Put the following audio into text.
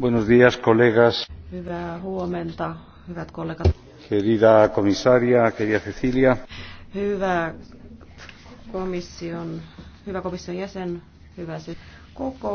Buenos días, colegas. Hyvää huomenta, hyvät kollegat. Querida komissaria, querida Cecilia. Hyvä komission, hyvä komission jäsen, hyvä se koko.